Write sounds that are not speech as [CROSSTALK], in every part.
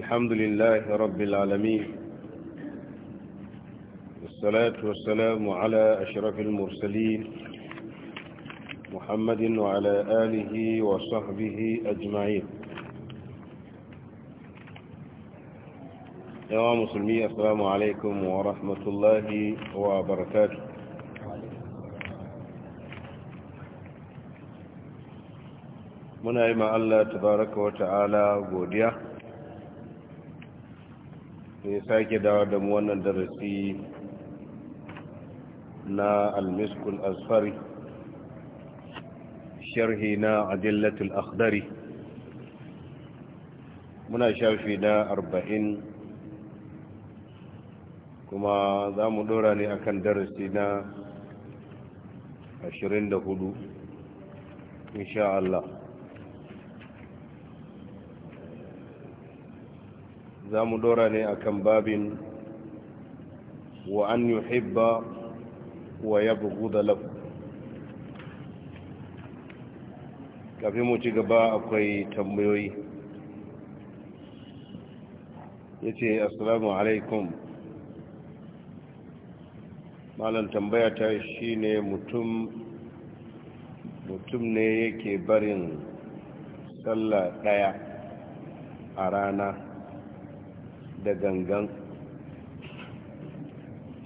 الحمد لله رب العالمين والصلاة والسلام على أشرف المرسلين محمد وعلى آله وصحبه أجمعين يا مسلمي السلام عليكم ورحمة الله وبركاته muna yi ma Allah tabaraka wa ya sake dawo da mu wannan darasi na almiskul asfari sharhi na adillatul akhdari muna shafi na arba'in kuma za mu dora ne akan darasi na ashirin da hudu insha Allah za mu dora ne akan babin wa an yuhibba wa da lahu kafin mu ci gaba akwai tambayoyi Ya ce assalamu alaikum malam tambaya ta shine mutum mutum ne yake barin sallah daya a rana da gangan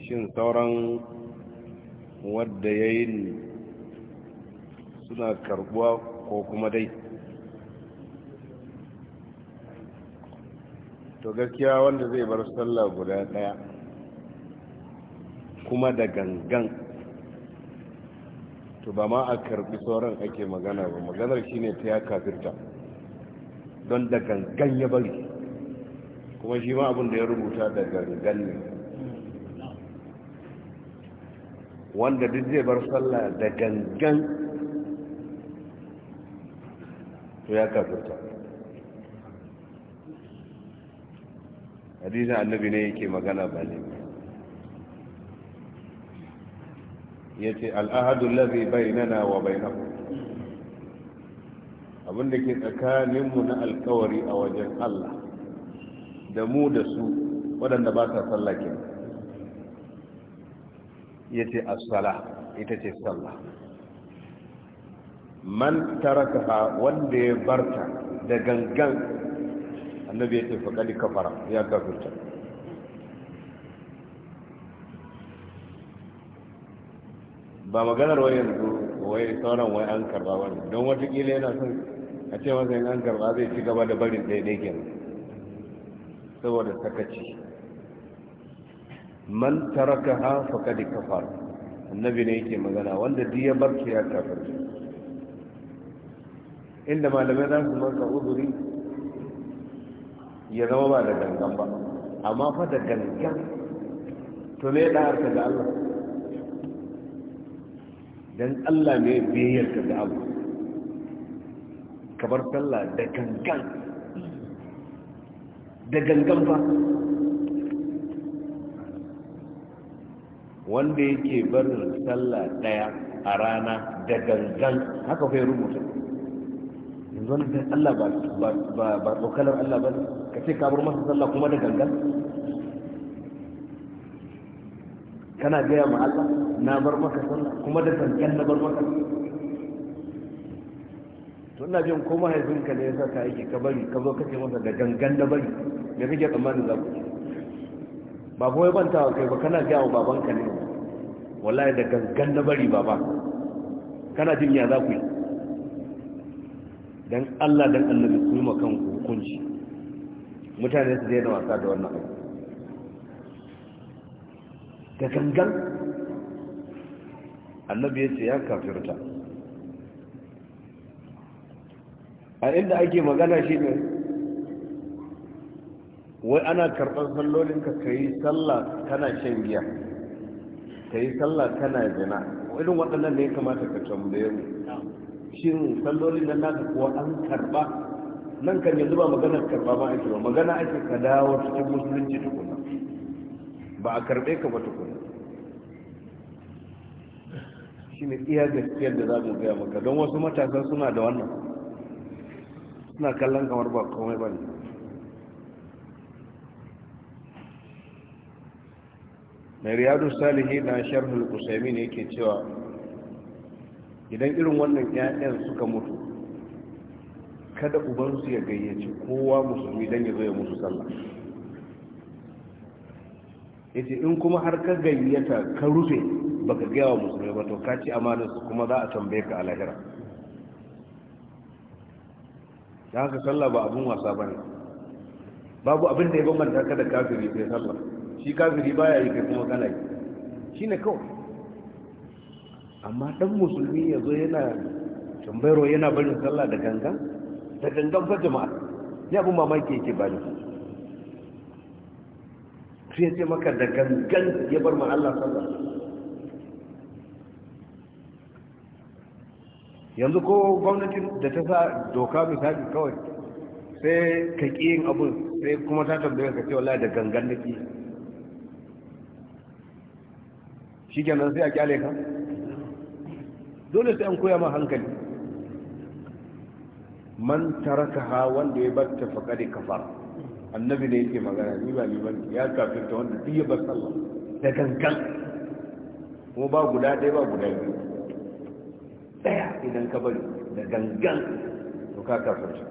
shin sauran wadda ya yi suna karbuwa ko kuma dai to gaskiya wanda zai bar sallah guda daya kuma da gangan to ba ma a karbi sauran ake magana ba maganar shine ta ya kafirta don da gangan ya bari kuma shi ma abin da ya rubuta da gangan ne wanda duk zai bar sallah da gangan to ya kafirta hadisin annabi ne yake magana ba ne ya ce al'ahadun lafi bai nana wa bai nahu abinda ke tsakaninmu na alkawari a wajen allah da mu da su waɗanda ba sa sallah ke ya ce asala ita ce sallah man taraka wanda ya barta da gangan annabi ya ce faƙali kafara ya kafirta ba maganar wani yanzu wai sauran wai an karba wani don watakila yana son a ce masa an karba zai ci gaba da barin daidai kenan saboda sakaci man tarakaha faqad kafar annabi ne yake magana wanda duk ya bar ya kafir inda malamai za su maka uzuri ya zama ba da gangan ba amma fa da gangan to me da harka da Allah don Allah ne biyayyar da abu kabar sallah da gangan da gangan ba wanda yake barin sallah daya a rana da gangan haka kai rubuta yanzu wani sai Allah ba tsokalar Allah ba ka ce kabar masa sallah kuma da gangan kana gaya ma Allah na bar maka sallah kuma da gangan na bar maka sallah to ina jin ko mahaifinka ne yasa ka yake ka bari ka zo kace masa da gangan na bari me kake tsammanin za ku ba ko ya banta kai ba kana ga wa babanka ne wallahi da gangan na bari baba kana jin ya za ku yi dan Allah dan annabi ku yi ma kanku hukunci mutane su daina wasa da wannan abu da gangan annabi ya ce ya kafirta a inda ake magana shi ne wai ana karɓar sallolinka ka yi sallah kana shan giya ka yi sallah kana zina irin waɗannan ne ya kamata ka tambaye mu shin sallolin nan naka kuwa an karɓa nan kan yanzu ba maganar karɓa ba ake ba magana ake ka dawo cikin musulunci tukuna ba a karɓe ka ba tukuna shi ne iya gaskiyar da za mu gaya maka don wasu matasa suna da wannan suna kallon kamar ba komai ba ne mai riyadu salihi na sharhul kusaimi ne yake cewa idan irin wannan 'ya'yan suka mutu kada ubansu ya gayyaci kowa musulmi don ya zo ya musu sallah ya in kuma har ka gayyata ka rufe baka gaya wa musulmi ba to ka ci su kuma za a tambaye ka alahira da haka sallah ba abun wasa bane babu abin da ya bambanta ka da kafiri sai sallah shi kafiri baya yi kai kuma kana yi shine kawai amma dan musulmi ya zo yana tambayarwa yana barin sallah da gangan da gangan fa jama'a ne abun mamaki yake bani sai ya ce maka da gangan ya bar ma Allah sallah yanzu ko gwamnatin da ta sa doka misali kawai sai ka ƙi yin abin sai kuma ta tambaye ka cewa da gangan na ƙi shi kenan sai a kyale ka dole sai an koya ma hankali man ha wanda ya bar ta da kafar annabi ne yake magana ni ba ni ba ya kafirta wanda duk ya bar sallah da gangan kuma ba guda ɗaya ba guda biyu daya idan ka bari da gangan to ka kafin shi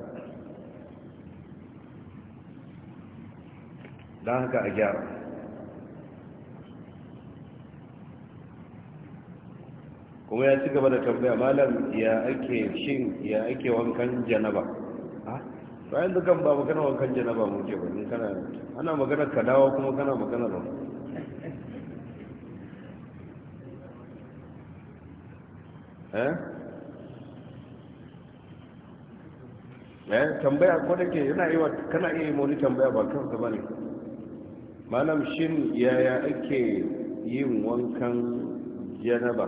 don haka a gyara kuma ya ci gaba da tambaya malam ya ake shin ya ake wankan janaba bayan ah, dukan ba kana wankan janaba muke ba kana ana magana ka dawo kuma kana magana ba Eh? eh tambaya ko da ke yana yi wa kana iya yi wani tambaya ba kansa ba ne malam shin yaya ake yin wankan janaba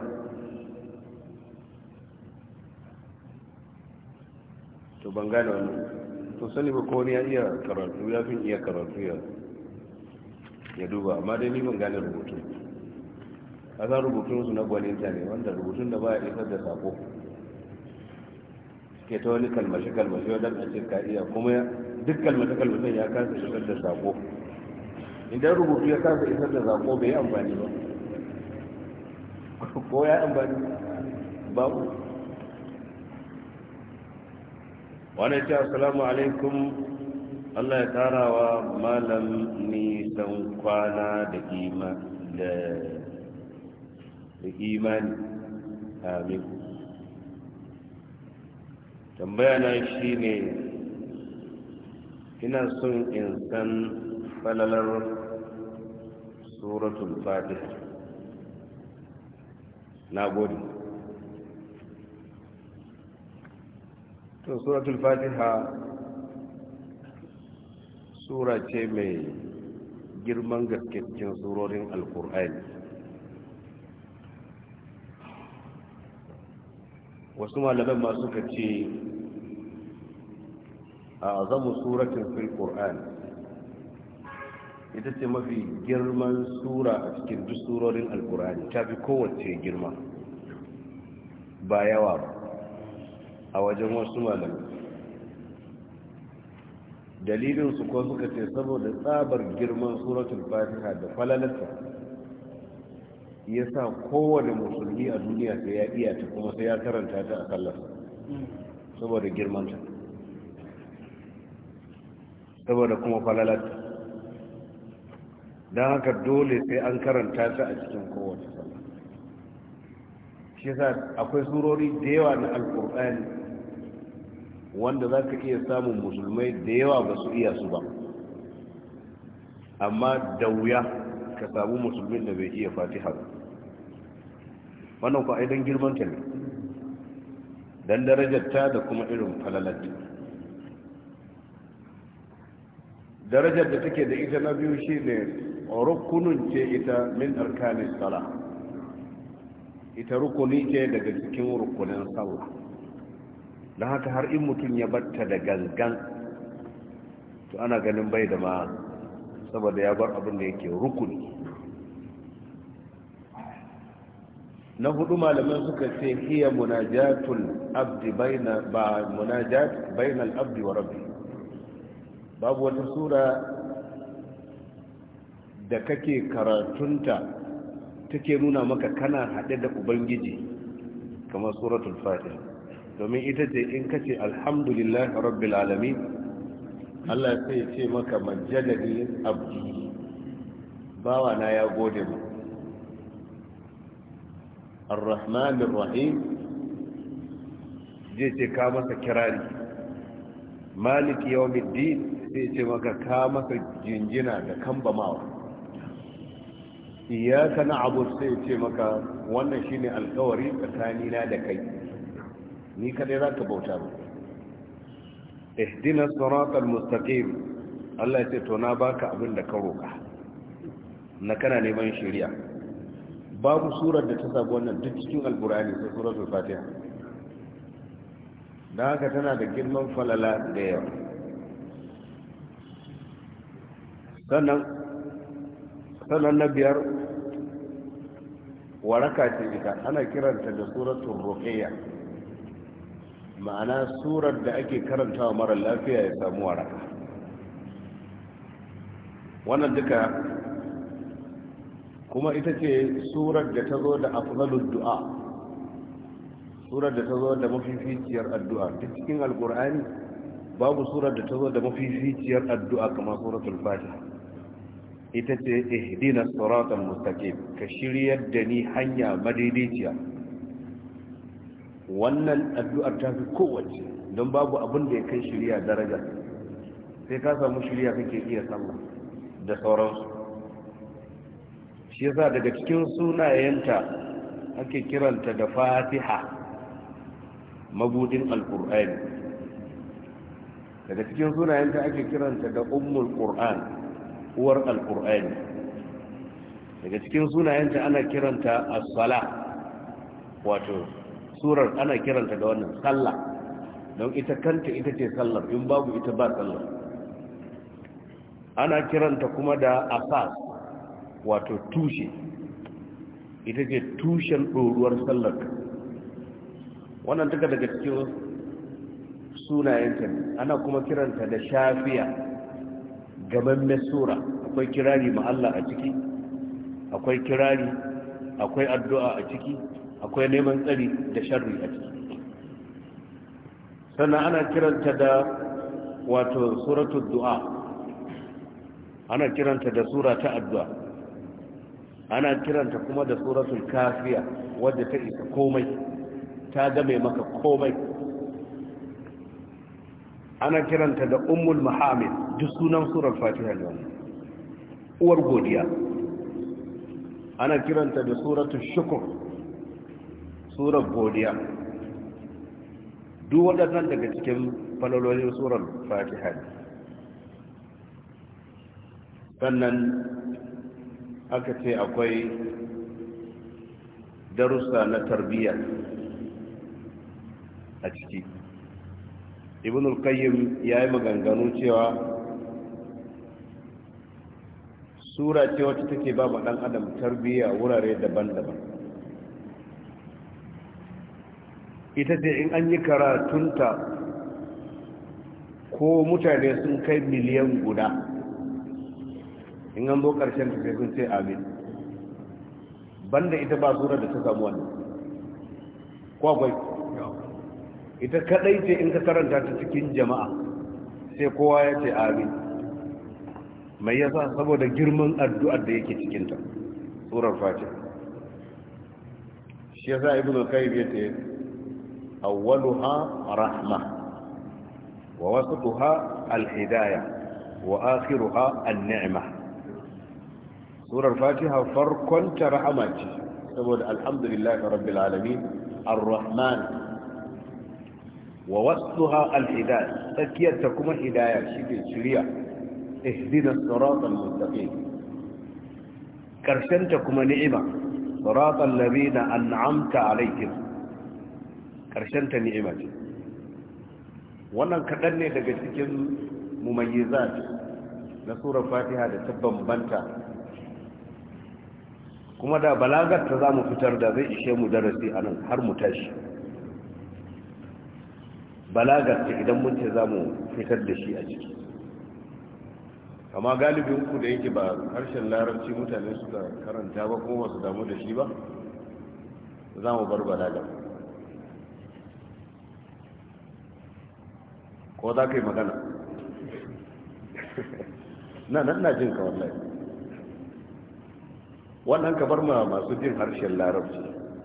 to ban gane wani. to sani ba ko ya iya karatu ya fi iya karatu ya duba amma dai ni ban gane rubutu san rubutun su na gwaninta ne wanda rubutun da ba ya isar da sako ke ta wani kalmashi kalmashi wadda a cikin ka'iya kuma duk kalmashi kalmashin ya kasa isar da sako idan rubutu ya kasa isar da sako bai yi amfani ba ko ya amfani babu wani ce assalamu alaikum Allah ya tara wa malam nisan kwana da kima da da imani amin tambaya na shi ne ina son in san falalar suratul fatiha na gode to suratul fatiha sura ce mai girman gaske cikin surorin alkur'ani wasu malaman ma suka ce a suratin fil qur'an ita ce mafi girman sura a cikin duk surorin alkur'ani ta fi kowace girma ba yawa a wajen wasu malamai dalilinsu ko suka ce saboda tsabar girman suratun fatiha da falalata ya sa kowane musulmi a duniya sai ya iya ta kuma sai ya karanta ta a sallar saboda girmanta saboda kuma falalata don haka dole sai an karanta ta a cikin kowace sallar shi sa akwai surori da yawa na alkur'ani wanda za ka iya samun musulmai da yawa ba su iya su ba amma da wuya ka samu musulmin da bai iya fatiha ba wannan ku aidan girman ta ne dan darajarta da kuma irin falalarta darajar da take da ita na biyu shine rukunun ce ita min arkanin sala ita rukuni ce daga cikin rukunin sallah don haka har in mutum ya batta da gangan to ana ganin bai da ma saboda ya bar abin da yake rukuni na hudu malaman suka ce hiya munajatul abdi baina ba munajat al abdi wa rabbi babu wata sura da kake karatunta take nuna maka kana hade da ubangiji kamar suratul fatih domin ita ce in kace alhamdulillahi rabbil alamin Allah sai ya ce maka majjadali abdi bawa na ya gode mu ar-rahman ar-rahim zai ce ka masa kirari malik yawmiddin zai ce maka ka masa jinjina da kambamawa iyaka na'budu sai ce maka wannan shine alkawari tsakanina da kai ni kadai zaka bauta ba ihdina siratal mustaqim Allah ya ce to na baka abin da ka roka na kana neman shari'a babu surar da ta sabu wannan duk cikin alburani sai surar fatiha da haka tana da girman falala da yawa sannan sannan na biyar waraka ce ita ana kiranta da suratul ruqiyya ma'ana surar da ake karantawa mara lafiya ya samu waraka wannan duka kuma ita ce surar da ta zo da afdalud du'a surar da ta zo da mafificiyar addu'a duk cikin alkur'ani babu surar da ta zo da mafificiyar addu'a kamar suratul fatiha ita ce ihdina siratal mustaqim ka shiryar da ni hanya madaidaiciya wannan addu'ar ta fi kowace don babu abin da ya kai shirya daraja sai ka samu shirya kake iya sallah da sauransu shi yasa daga cikin sunayenta ake kiranta da fatiha mabudin alkur'ani daga cikin sunayenta ake kiranta da ummul qur'an uwar alkur'ani daga cikin sunayenta ana kiranta as-sala wato surar ana kiranta da wannan sallah don ita kanta ita ce sallar in babu ita ba sallar ana kiranta kuma da asas wato tushe ita ce tushen ɗoruwar sallar wannan duka daga cikin sunayenta ana kuma kiranta da shafiya gaban sura akwai kirari ma Allah a ciki akwai kirari akwai addu'a a ciki akwai neman tsari da sharri a ciki sannan ana kiranta da wato suratul du'a ana kiranta da sura ta addu'a ana kiranta kuma da suratul kafiya wadda ta isa komai ta game maka komai ana kiranta da ummul muhammad duk sunan surar fatiha ne uwar godiya ana kiranta da suratul shukr surar godiya duk waɗannan daga cikin falalolin surar fatiha ne sannan aka ce akwai darussa na tarbiyya a ciki ibn al-qayyim ya yi maganganu cewa sura ce wacce take ba ɗan adam tarbiyya wurare daban-daban ita ce in an yi karatunta ko mutane sun kai miliyan guda in an zo ƙarshen da sai sun ce amin banda ita ba sura da ta samu wannan ko akwai ita kadai ce in ka karanta ta cikin jama'a sai kowa ya ce amin mai yasa saboda girman addu'ar da yake cikinta surar Fati. shi yasa ibnu kayyim yace awwaluha rahma wa wasatuha alhidayah wa akhiruha an-ni'mah surar fatiha farkon ta rahama ce saboda alhamdulillah rabbil alamin ar-rahman wa wasluha al-hidayah tsakiyar ta kuma hidayah shine shiriya ihdina siratal mustaqim karshen ta kuma ni'ima siratal ladina an'amta alaihim karshen ta ni'ima ce wannan kadan ne daga cikin mumayyizat na surar fatiha da ta bambanta kuma da balagar ta za mu fitar da zai ishe mu darasi a nan har mu tashi balagar ta idan mun ce za fitar da shi a ciki amma galibin ku da yake ba harshen larabci mutane suka karanta ba kuma su damu da shi ba za mu bar balagar ko za ka yi magana [LAUGHS] na nan na jin ka wallahi wannan ka bar ma masu jin harshen larabci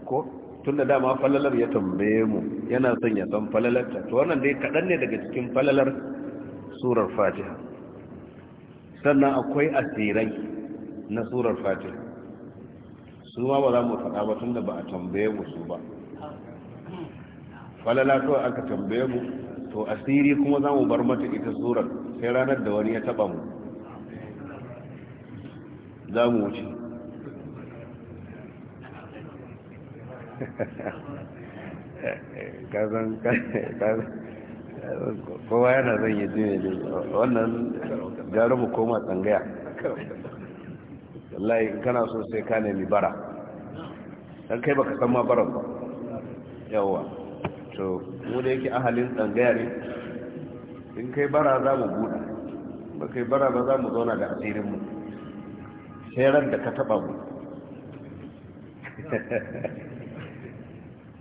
ko tun da dama falalar ya tambaye mu yana son ya san ta to wannan dai kaɗan ne daga cikin falalar surar fatiha sannan akwai asirai na surar fatiha su ma ba za mu faɗa ba tun da ba a tambaye mu su ba falala to aka tambaye mu to asiri kuma za mu bar mata ita surar sai ranar da wani ya taɓa mu za mu wuce [LAUGHS] kazan kowa yana zan yi jini ne wannan jarumu koma tsangaya wallahi in kana so sai ka nemi bara dan kai baka san ma baran ba yawa to mu da yake ahalin tsangaya ne in kai bara za mu buɗe ba kai bara ba za mu zauna da asirinmu sai ran da ka taɓa mu [LAUGHS]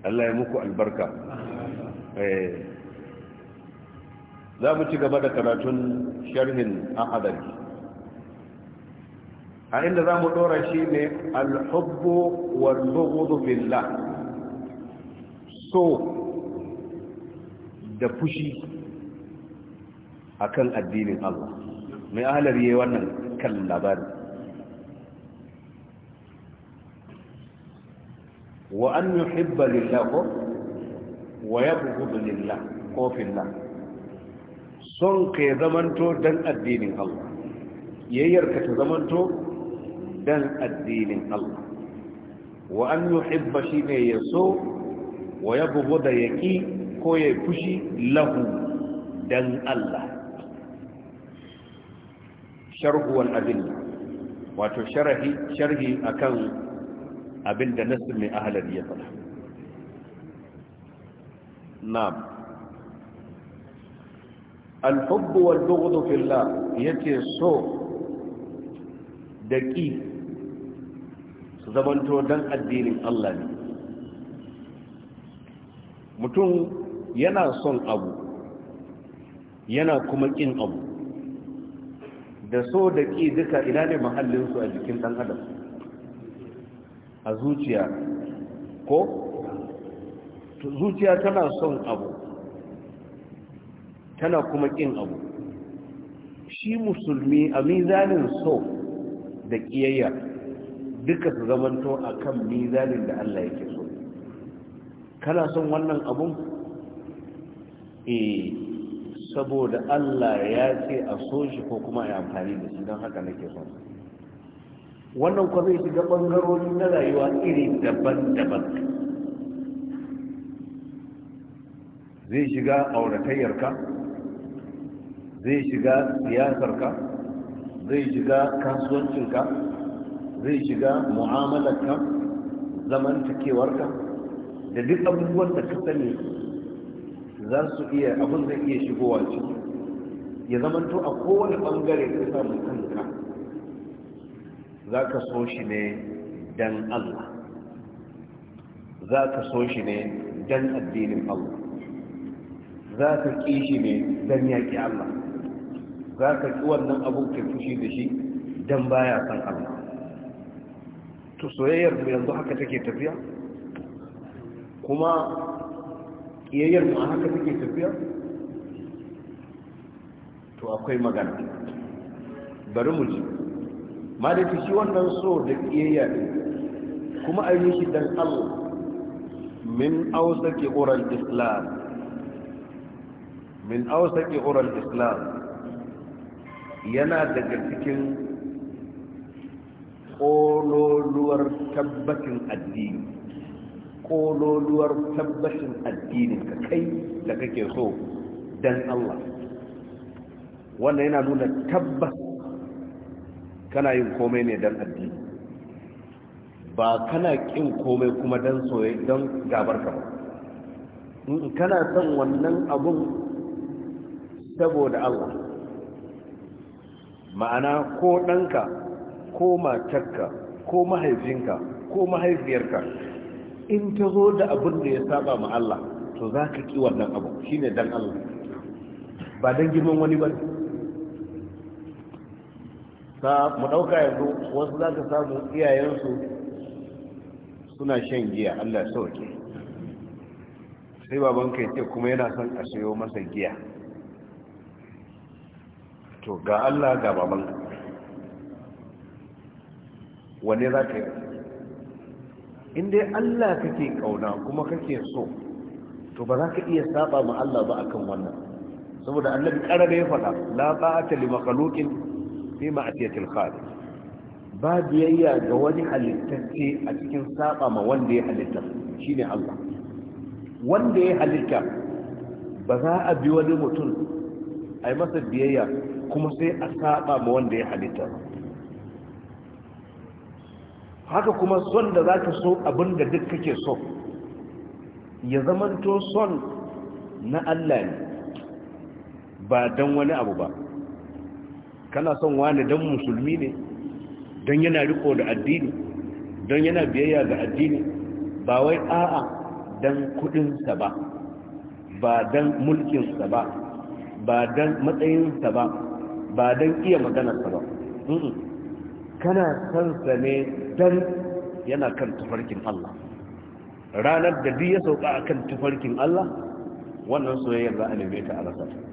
Allah ya muku albarka eh, za mu ci gaba da karatun sharhin ahadari a inda za mu dora shi ne alhubbu wal billah so da fushi akan addinin Allah mai ahalar yayi wannan kan labarin wa an yuhibba lillah ko wa yabghudu lillah ko fillah son ka ya zamanto dan addinin Allah yayyarka ta zamanto dan addinin Allah wa an shi ne ya yaso wa ya yabghuda yaqi ko ya fushi lahu dan Allah sharhuwan wal wato sharhi sharhi akan abinda nasir mai ahalar ya faɗa na'am Alfabuwar hubbu wal ya ce so da ƙi su zamanto dan addinin Allah ne mutum yana son abu yana kuma ƙin abu da so da ƙi duka ina ne mahallinsu a jikin ɗan adam a zuciya ko zuciya tana son abu tana kuma kin abu shi musulmi a mizanin so da ƙiyayya duka su zamanto a kan mizanin da Allah yake so kana son wannan abun eh saboda Allah ya ce a so shi ko kuma ya amfani da shi don haka nake son wannan kwa zai shiga ɓangarori na rayuwa iri daban-daban zai shiga auratayyarka zai shiga siyasarka zai shiga kasuwancinka zai shiga mu'amalarka cikewarka da duk abubuwan da ka sani za su iya abin zai iya shigowa ciki ya zamanto a kowane ɓangare ka samun kanka za ka so shi ne don Allah za ka so shi ne don addinin Allah za ka ƙi shi ne don yaƙi Allah za ka ƙi wannan abokin fushi da shi don baya san Allah to soyayyar mu yanzu haka take tafiya kuma ƙiyayyar mu a haka take tafiya to akwai magana bari mu ji ma da fi shi wannan so da ƙiyayya ne kuma a yi shi don allah min ke oral islam min ke oral islam yana daga cikin ƙololuwar tabbacin addini ƙololuwar tabbacin addinin ka kai da kake so don allah wannan yana nuna tabbas kana yin komai ne don addini ba kana kin komai kuma don soye don gabar ka ba kana son wannan abun saboda Allah ma'ana ko ɗanka ko matarka ko mahaifinka ko mahaifiyarka in ta zo da abin da ya saba ma Allah to za ka ƙi wannan abu shine dan Allah ba don girman wani ba sa mu ɗauka yanzu wasu za ka samu iyayensu suna shan giya allah sauke sai babanka ya ce kuma yana son a sayo masa giya to ga allah ga babanka wane za ka yi inda allah kake kauna kuma kake so to ba za ka iya saba ma allah ba akan wannan saboda Allah karare ya faɗa la ba'ata li makhluqin fi ba biyayya ga wani halittacce a cikin saba ma wanda ya halitta shine Allah wanda ya halitta ba za a bi wani mutum a yi masa biyayya kuma sai a saba ma wanda ya halitta haka kuma son da za ka so abin da duk kake so ya zamanto son na Allah ne ba dan wani abu ba kana son wani dan musulmi ne don yana riko da addini don yana biyayya ga addini ba wai a'a dan kudinsa ba ba dan mulkinsa ba ba dan matsayinsa ba ba dan iya maganarsa ba kana sansa ne dan yana kan tufarkin Allah ranar da duk ya sauka akan tufarkin Allah wannan soyayyar za a neme ta a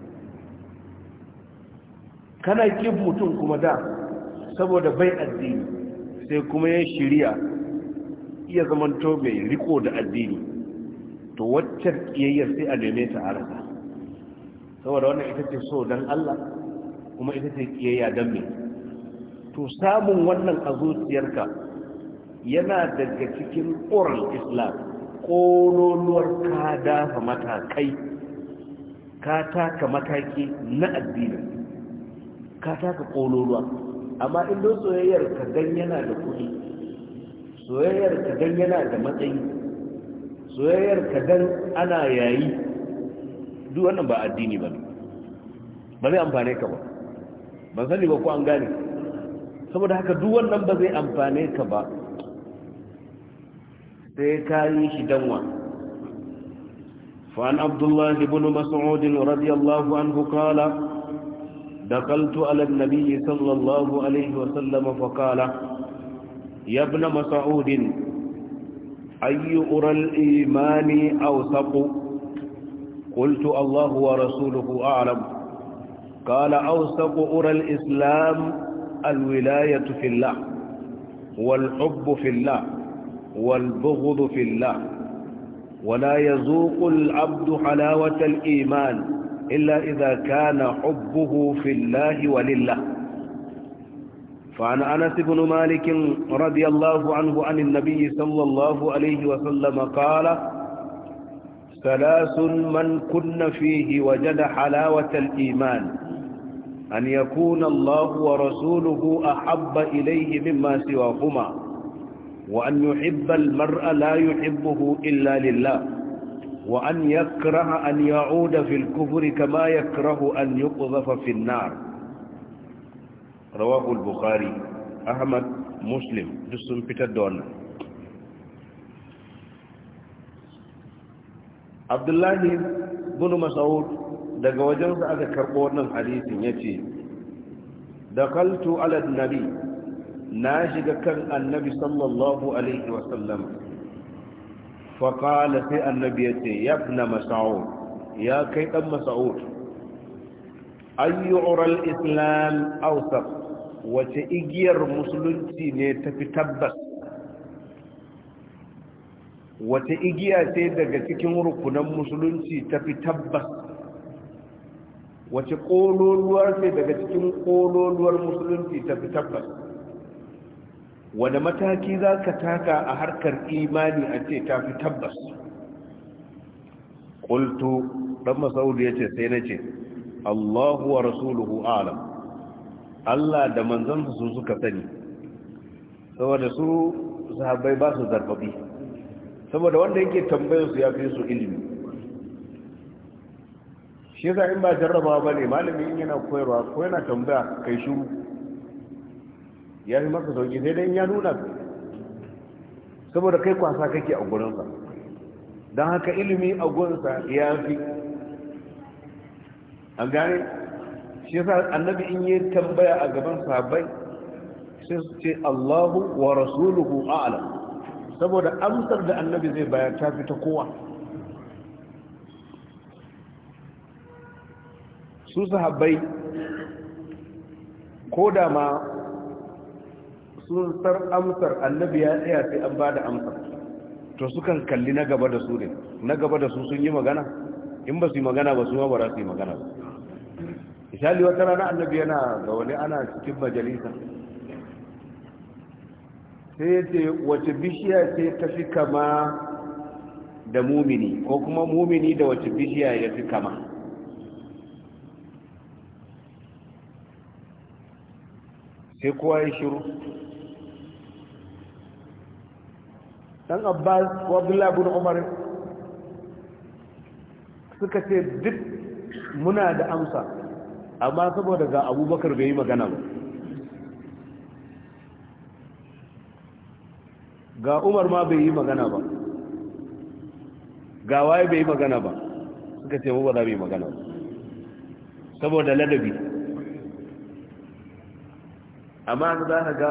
kana kin mutum kuma da saboda bai addini sai kuma ya shirya iya zamanto mai riko da addini to waccan kiyayyar sai a neme ta a saboda wannan ita ce so don Allah kuma ita ce kiyayya don me to samun wannan azuciyarka yana daga cikin ƙoran islam ƙololuwar ka dafa matakai ka taka mataki na addini. ka taka ƙololuwa amma inda soyayyar ka gan yana da kuɗi soyayyar ka gan yana da matsayi soyayyar ka gan ana yayi duk wannan ba addini ba ne ba zai amfane ka ba ban sani ba ko an gane saboda haka duk wannan ba zai amfane ka ba sai ka yi shi danwa فعن عبد الله بن مسعود رضي الله عنه قال دخلت على النبي صلى الله عليه وسلم فقال يا ابن مسعود أي أرى الإيمان أوثق قلت الله ورسوله أعلم قال أوثق أرى الإسلام الولاية في الله والحب في الله والبغض في الله ولا يذوق العبد حلاوة الإيمان إلا إذا كان حبه في الله ولله فعن أنس بن مالك رضي الله عنه عن النبي صلى الله عليه وسلم قال ثلاث من كن فيه وجد حلاوة الإيمان أن يكون الله ورسوله أحب إليه مما سواهما وأن يحب المرء لا يحبه إلا لله وأن يكره أن يعود في الكفر كما يكره أن يقذف في النار رواه البخاري أحمد مسلم جسم بيتر دون عبد الله بن مسعود daga wajen aka karɓo wannan hadisin ya ce da kaltu alad nabi na shiga kan annabi sallallahu faƙala sai annabi ya ce ya fi na masa'ud ya kai ɗan masa'ud Oral islam ausaf wace igiyar musulunci ne fi tabbas wace igiya ce daga cikin rukunan musulunci fi tabbas wace ƙololuwar ce daga cikin ƙololuwar musulunci tafi tabbas wani mataki za ka taka a harkar imani a ce ta fi tabbas ƙultu ɗan masauri ya ce sai na ce allahu wa rasuluhu alam allah da manzansa su suka sani saboda su sahabbai ba su zarfafi saboda wanda yake tambayarsu ya fi su ilimi shi yasa in ba jarraba ba ne malamin yana koyarwa ko yana tambaya kai shiru ya fi masa sauki sai dai ya nuna saboda kai kwasa kake a gurinsa don haka ilimi a gurinsa ya fi an gane shi sa annabi in yi tambaya a gaban sabai shi su ce Allahu wa rasuluhu a'ala saboda amsar da annabi zai bayar ta fi ta kowa su sahabbai ko da ma sun sar amsar annabi ya tsaya sai an ba da amsar to sukan kalli na gaba da su ne na gaba da su sun yi magana in ba su yi magana ba su ma ba za su yi magana ba misali wata rana annabi yana ga wani ana cikin majalisa sai ya ce wace bishiya ce ta fi kama da mumini ko kuma mumini da wace bishiya ya fi kama sai kowa ya shiru dan abbas wa abdullahi bin umar suka ce duk muna da amsa amma saboda ga abubakar bai yi magana ba ga umar ma bai yi magana ba ga waye bai yi magana ba suka ce mu ba za mu yi magana ba saboda ladabi amma za ka ga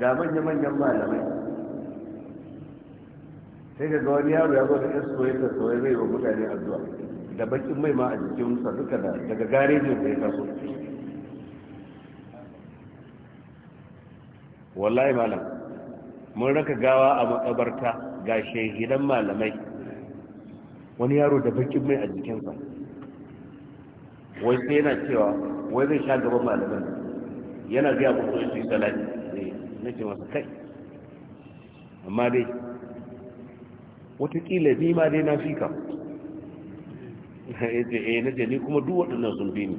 ga manya-manyan malamai sai ga wani yaro ya zo da yan soye ta soye zai wa mutane addu'a da bakin mai ma a jikinsa duka da daga garejin da ya taso wallahi malam mun raka gawa a makabarta ga shehidan malamai wani yaro da bakin mai a jikinsa wai sai yana cewa wai zai sha gaban malamai, yana gaya muku su yi salati eh, na ce masa kai amma dai watakila ni ma dai na fi ka eh, eh na je ni kuma duk waɗannan sun ne ni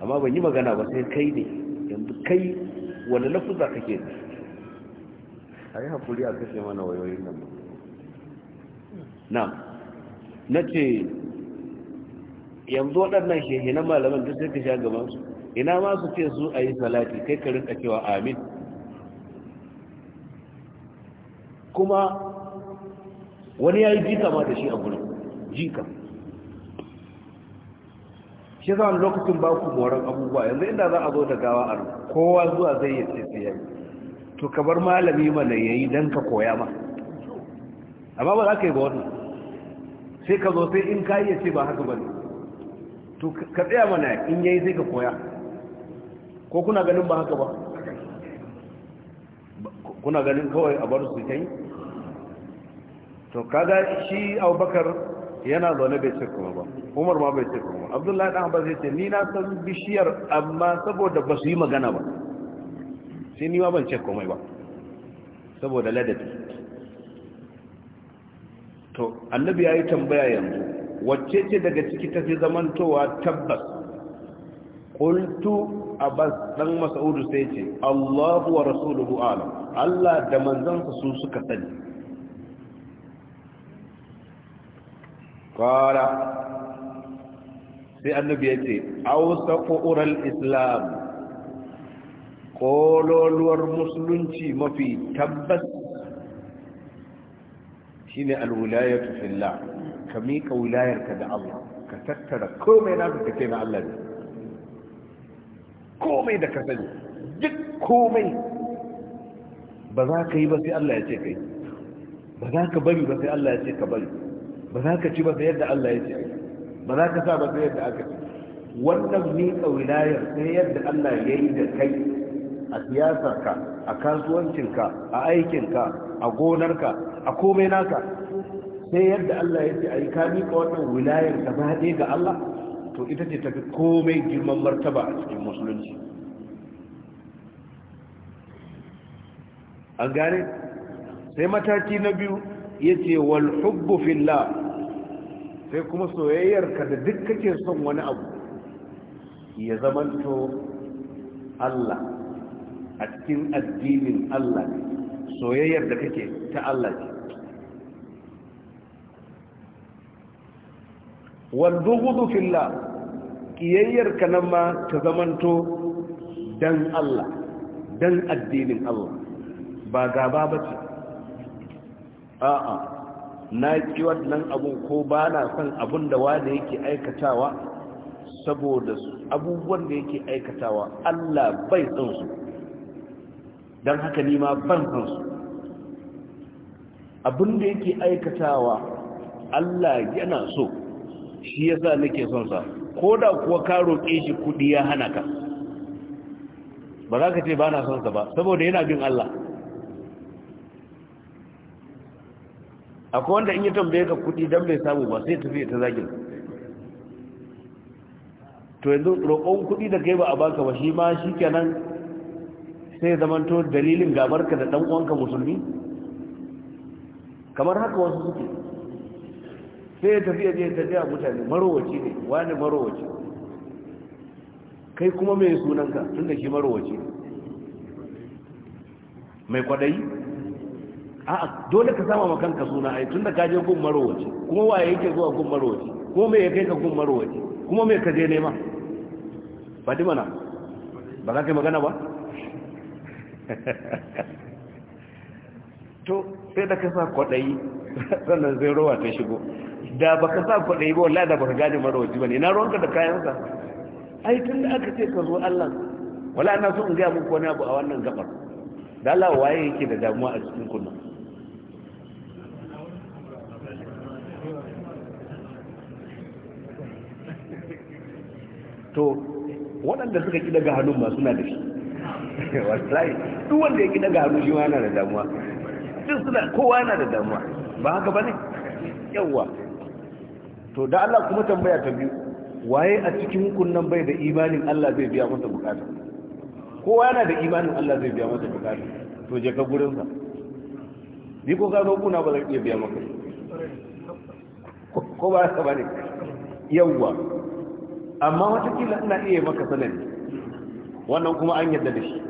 amma ban yi magana ba sai kai ne yanzu kai wani lafuza kake ne a yi haƙuri a kashe mana wayoyin nan na na ce yanzu waɗannan shehe na malaman duk sai ka sha gaban su. ina ma su ce su a yi salati kai ka rinka cewa amin kuma wani ya yi jika ma da shi a gudun jika shi zama lokacin ba ku moran abubuwa yanzu inda za a zo da gawa a kowa zuwa zai yi tsaye to ka bar malami mana ya yi don ka koya ma amma ba za ka yi ba wani. sai ka zo sai in ka yi ce ba haka ba ne to ka tsaya mana in yayi sai ka koya ko kuna ganin ba haka ba kuna ganin kawai a bar su ta yi to kaga shi abubakar yana zaune bai ce kuma ba umar ma bai ce kuma ba abdullahi dan abbas yace ni na san bishiyar amma saboda ba su yi magana ba sai ni ma ban ce komai ba saboda ladabi to annabi yayi tambaya yanzu wacce ce daga ciki ta fi zamantowa tabbas qultu abbas dan masa'udu sai ce Allahu wa rasuluhu alam Allah da manzansa su suka sani qala sai annabi yace awsaqu ural islam kololuwar musulunci mafi tabbas shine alwilayatu fillah ka miƙa wilayarka da Allah ka tattara komai na ka kai na Allah ne komai da ka sani duk komai ba za ka yi ba sai Allah ya ce ka yi ba za ka bari ba sai Allah ya ce ka bari ba za ka ci ba sai yadda Allah ya ce ba za ka sa ba yadda aka ce wannan miƙa wilayar sai yadda Allah ya yi da kai a siyasarka a kasuwancinka a aikinka a gonarka a komai naka sai yadda Allah ya ce a yi ka miƙa wannan wilayar gaba ɗaya ga Allah to ita ce tafi komai girman martaba a cikin musulunci an gane sai mataki na biyu ya ce wal hubbu fillah sai kuma soyayyarka da duk kake son wani abu ya zamanto Allah a cikin addinin Allah soyayyar da kake ta Allah ce wanda hudu filla ƙiyayyarka nan ma ta zamanto dan Allah dan addinin Allah ba gaba ba ce a'a na ƙi wannan abun ko ba na son abun da wanda yake aikatawa saboda abubuwan da yake aikatawa Allah bai son su don haka nima ban son su abun da yake aikatawa Allah yana so shi yasa nake son sa ko da kuwa ka roke shi kuɗi ya hana ka ba za ka ce ba na son sa ba saboda yana bin Allah akwai wanda in yi tambaye ka kudi don bai samu ba sai tafiye ta zagin to yanzu roƙon kudi da kai ba a baka ba shi ma shi kenan sai zamanto dalilin gabarka da ɗan uwanka musulmi kamar haka wasu suke sai ya tafiya je tafiya mutane marowaci ne wani marowaci kai kuma mai sunanka tun da shi marowaci mai kwadayi a'a dole ka sama kanka suna ai tunda ka je gun marowaci kuma waye yake zuwa gun marowaci kuma me ya kai ka gun marowaci kuma me ka je nema fadi mana ba za ka kai magana ba [LAUGHS] to sai da ka sa kwaɗayi [LAUGHS] sannan zai rowa ta shigo da ba ka sa kwaɗayi ba wallahi da ba ka gane marowaci ba ne na ruwanka da kayansa ai tun da aka ce ka zo allah wala na so in gaya muku wani abu a wannan gabar da allah waye yake da damuwa a cikin kunna to waɗanda suka ƙi daga hannun ma suna da shi [LAUGHS] wallahi duk wanda ya ƙi daga hannun shi ma da damuwa duk suna kowa yana da damuwa ba haka ba ne yawwa to da Allah kuma tambaya ta biyu waye a cikin kunnan bai da imanin Allah zai biya masa bukata kowa yana da imanin Allah zai biya masa bukata to je ka gurin sa ni ko ka zo kuna ba zan iya biya maka ko ba ba ne yawwa amma watakila ina iya maka sanadi wannan kuma an yarda da shi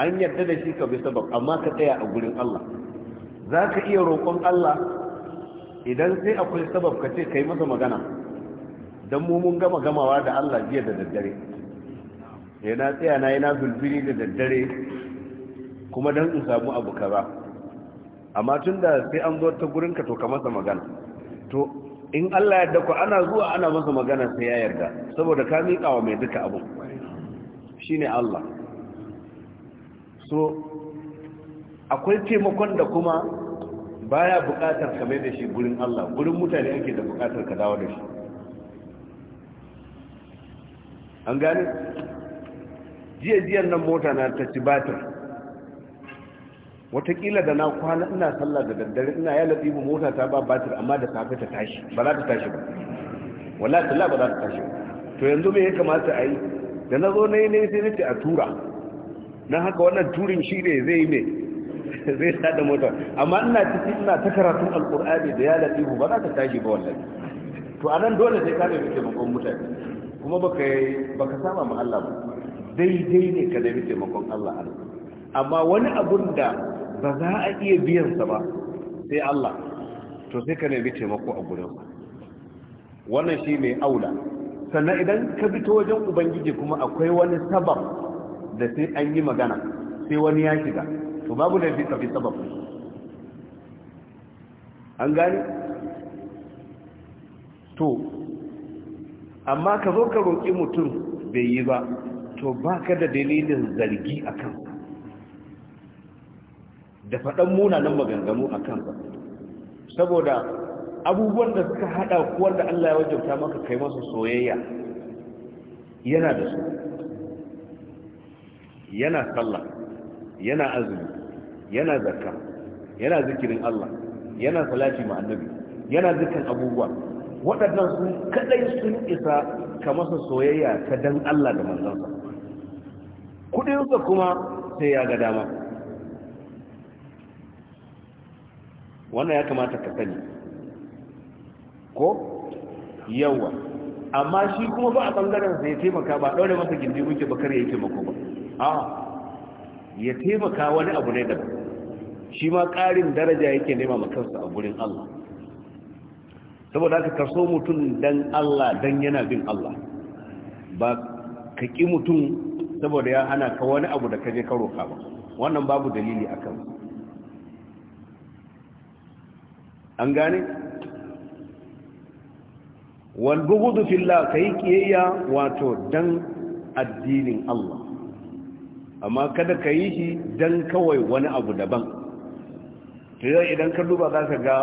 an yarda da shi ka bi sabab amma ka tsaya a gurin Allah za ka iya roƙon Allah idan sai akwai sabab ka ce ka yi masa magana don mu mun gama gamawa da Allah jiya da daddare ya eh, na tsaya na yana zulfiri da daddare kuma don in samu abu kaza amma tun da sai an zo ta gurinka to ka masa magana to in Allah ya dako ana zuwa ana masa magana sai ya yarda saboda ka miƙa wa mai duka abu shine Allah so akwai taimakon da kuma baya buƙatar ka mai da shi gurin Allah gurin mutane ake da buƙatar ka dawo da shi an gane jiya jiyan nan mota na ta ci batir watakila da na kwana ina sallah da daddare ina ya laɗi mota ta ba batir amma da safe ta tashi ba za ta tashi ba wala tala ba za ta tashi to yanzu me ya kamata a yi da na zo na yi ne sai na ce a tura na haka wannan turin shi ne zai yi ne [LAUGHS] zai sa da mota amma ina ciki ina ta karatun alƙur'ani da ya laɗi ba za ta tashi ba wallahi to a nan dole sai ka nemi taimakon mutane kuma baka baka sama ma Allah ba daidai ne ka nemi taimakon Allah Allah amma wani abun da ba za a iya biyansa ba sai Allah to sai ka nemi taimako a gurinsa wannan shi ne aula sannan idan ka fito wajen ubangiji kuma akwai wani sabab da sai an yi magana sai wani ya shiga to babu da fi sabab an gani to amma ka zo ka roƙi mutum bai yi ba to ba ka da dalilin zargi akan. da faɗan munanan maganganu a kansa saboda abubuwan da suka haɗa kuwar da Allah ya wajabta maka kai masa soyayya yana da su yana sallah yana azumi yana zakka yana zikirin Allah yana salati ma annabi yana zikin abubuwa waɗannan su kadai sun isa ka masa soyayya ta dan Allah da manzansa kuɗinsa kuma sai ya ga dama wannan ya kamata ka sani ko yawa amma shi kuma ba a bangaren sa ya taimaka ba daure masa gindi muke ba kare ya taimako ba a ya taimaka wani abu ne daban shi ma ƙarin daraja yake nema ma kansa a gurin Allah saboda haka kaso mutum dan Allah dan yana bin Allah ba ka ki mutum saboda ya hana ka wani abu da ka je ka roka ba wannan babu dalili akan an gane walbugudu fillah ka yi kiyayya wato dan addinin Allah amma kada ka yi shi dan kawai wani abu daban tunan idan ka duba za ka ga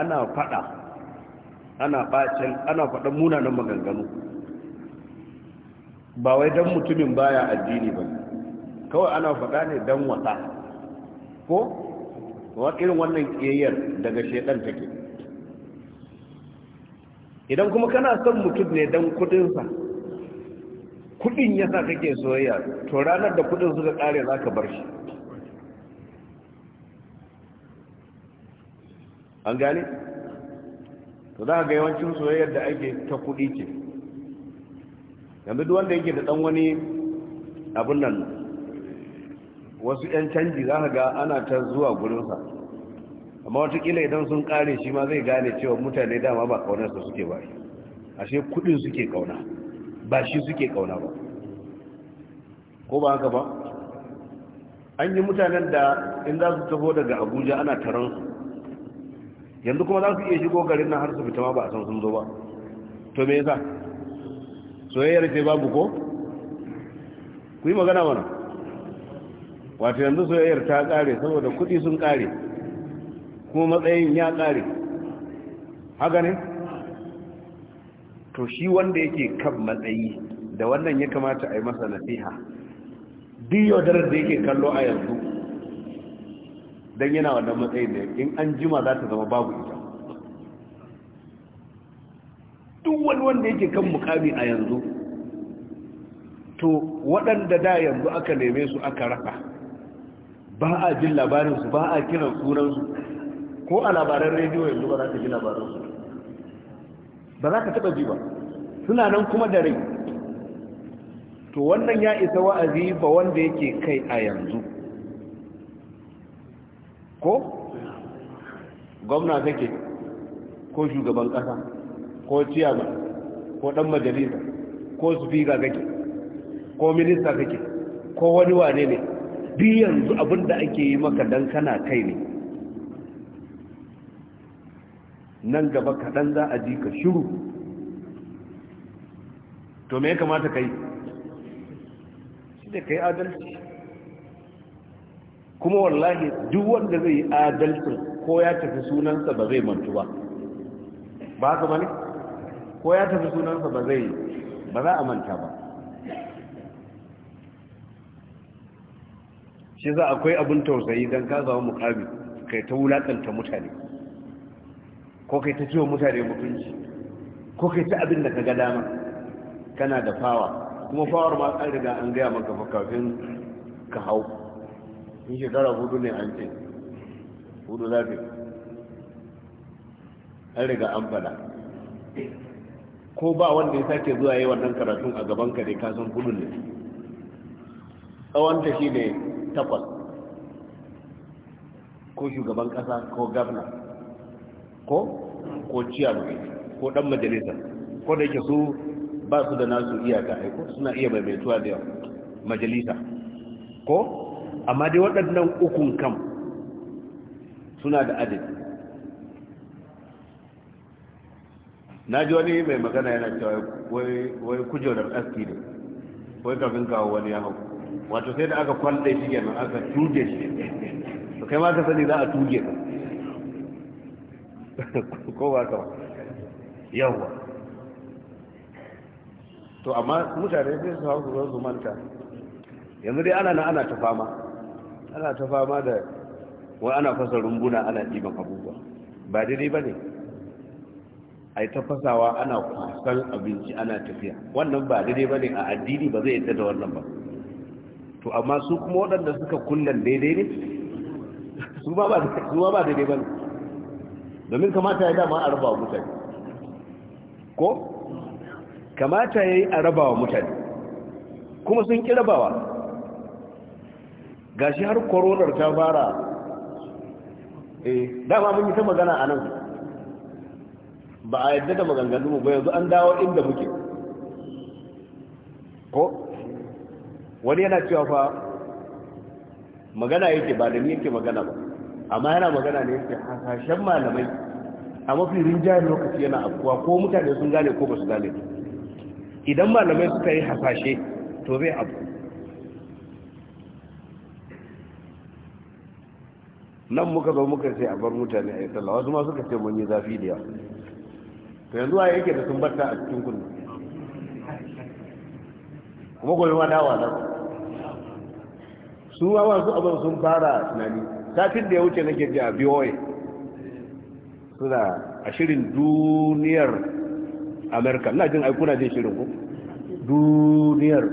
ana fada ana bacin ana fada munanan maganganu ba wai dan mutumin baya addini ba kawai ana faɗa ne dan wata ko wa irin wannan kiyayyar daga shedan take idan kuma kana son mutum ne don kudinsa kudin ya sa kake soyayya to ranar da kudin suka kare za ka bar shi an gane? to za ga yawancin soyayyar da ake ta kudi ce yanzu duk wanda yake da dan wani abun nan wasu 'yan canji za ka ga ana ta zuwa gurinsa amma watakila idan sun kare shi ma zai gane cewa mutane dama ba kaunarsa suke ba ashe kudin suke kauna ba shi suke kauna ba ko ba haka ba an yi mutanen da in za su taho daga abuja ana taronsu yanzu kuma za su iya shigo garin nan har su fita ma ba a san sun zo ba to me yasa soyayyar ce babu ko ku yi magana wannan wato yanzu soyayyar ta kare saboda kuɗi sun kare kuma matsayin ya kare haka ne to shi wanda yake kan matsayi da wannan ya kamata a yi masa nasiha duk darar da yake kallo a yanzu don yana wannan matsayin da in an jima za ta zama babu ita duk wani wanda yake kan mukami a yanzu to waɗanda da yanzu aka neme su aka raka ba a jin labarinsu ba a kiran sunansu ko a labaran rediyo yanzu ba za ka ji labaransu ba za ka taɓa ji ba suna nan kuma da rai to wannan ya isa wa'azi ba wanda yake kai a yanzu ko gwamna take ko shugaban ƙasa ko ciyama ko ɗan majalisa ko spika kake ko minista kake ko wani wane ne duk yanzu abin da ake yi maka dan kana kai ne nan gaba kaɗan za a ji ka shiru to me ya kamata ka yi shi da ka yi adalci kuma wallahi duk wanda zai yi adalcin ko ya tafi sunansa ba zai mantu ba ba haka ko ya tafi sunansa ba zai ba za a manta ba shi za akwai abin tausayi don ka zama mukami kai ta wulaƙanta mutane ko kai ta ciwo mutane mutunci ko kai ta abin da ka ga dama kana da fawa kuma fawar ma an riga an gaya maka kafin ka hau in shekara hudu ne an ce hudu zafi an riga an fada ko ba wanda ya sake zuwa yi wannan karatun a gaban ka dai kasan hudu ne tsawon ta shi ne takwas ko shugaban kasa, ko gabna ko ko ciyarwe ko ɗan majalisa ko da yake su ba su da nasu iyaka aiko suna iya maimaituwa da majalisa ko amma dai waɗannan ukun kam suna da adadi na ji wani mai magana yana cewa wai kujerar aski ne wai kafin kawo wani ya hau wato sai da aka kwalɗe shi gina aka tuge shi to kai ma ka sani za a tuge ka [LAUGHS] ko ba ka yawwa to amma mutane sai su hau zuwa su manta yanzu dai ana na ana ta fama ana ta fama da wa ana fasa rumbuna ana ɗiban abubuwa ba daidai ba ne a yi tafasawa ana kwasan abinci ana tafiya wannan ba daidai ba ne a addini ba zai yadda da wannan ba to amma su kuma waɗanda suka kullan daidai ne su ma ba daidai ba ne domin kamata ya dama a rabawa mutane ko kamata ya yi a rabawa mutane kuma sun ƙi rabawa shi har koronar ta fara eh dama mun yi ta magana a nan ba a yadda da maganganunmu ba yanzu an dawo inda muke ko wani yana cewa fa magana yake ba da ni yake magana ba amma yana magana ne yake hasashen malamai a mafi rinjayen lokaci yana afkuwa ko mutane sun gane ko ba su gane idan malamai suka yi hasashe to zai abu nan muka zo muka ce a bar mutane a yi sallah wasu ma suka ce mun yi zafi da yawa to yanzu waye yake da sun batta a cikin kunna kuma gobe ma dawa na su ma su abin sun fara tunani satin da ya wuce nake ji a biyoyi suna a shirin duniyar amerika na jin aikuna jin shirin ku duniyar